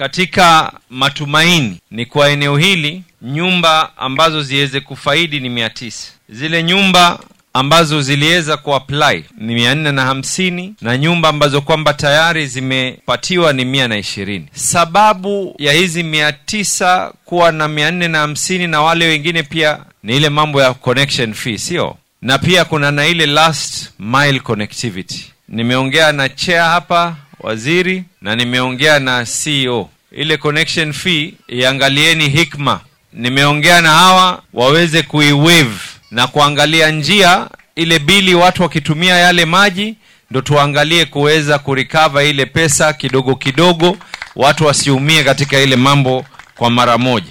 katika matumaini ni kwa eneo hili nyumba ambazo ziweze kufaidi ni mia tisa zile nyumba ambazo ziliweza kuapply ni mia nne na hamsini na nyumba ambazo kwamba tayari zimepatiwa ni mia na ishirini sababu ya hizi mia tisa kuwa na mia nne na hamsini na wale wengine pia ni ile mambo ya connection fee sio na pia kuna na ile last mile connectivity nimeongea na chea hapa waziri na nimeongea na CEO. Ile connection fee iangalieni hikma, nimeongea na hawa waweze kuiwave na kuangalia njia ile bili, watu wakitumia yale maji, ndo tuangalie kuweza kurikava ile pesa kidogo kidogo, watu wasiumie katika ile mambo kwa mara moja.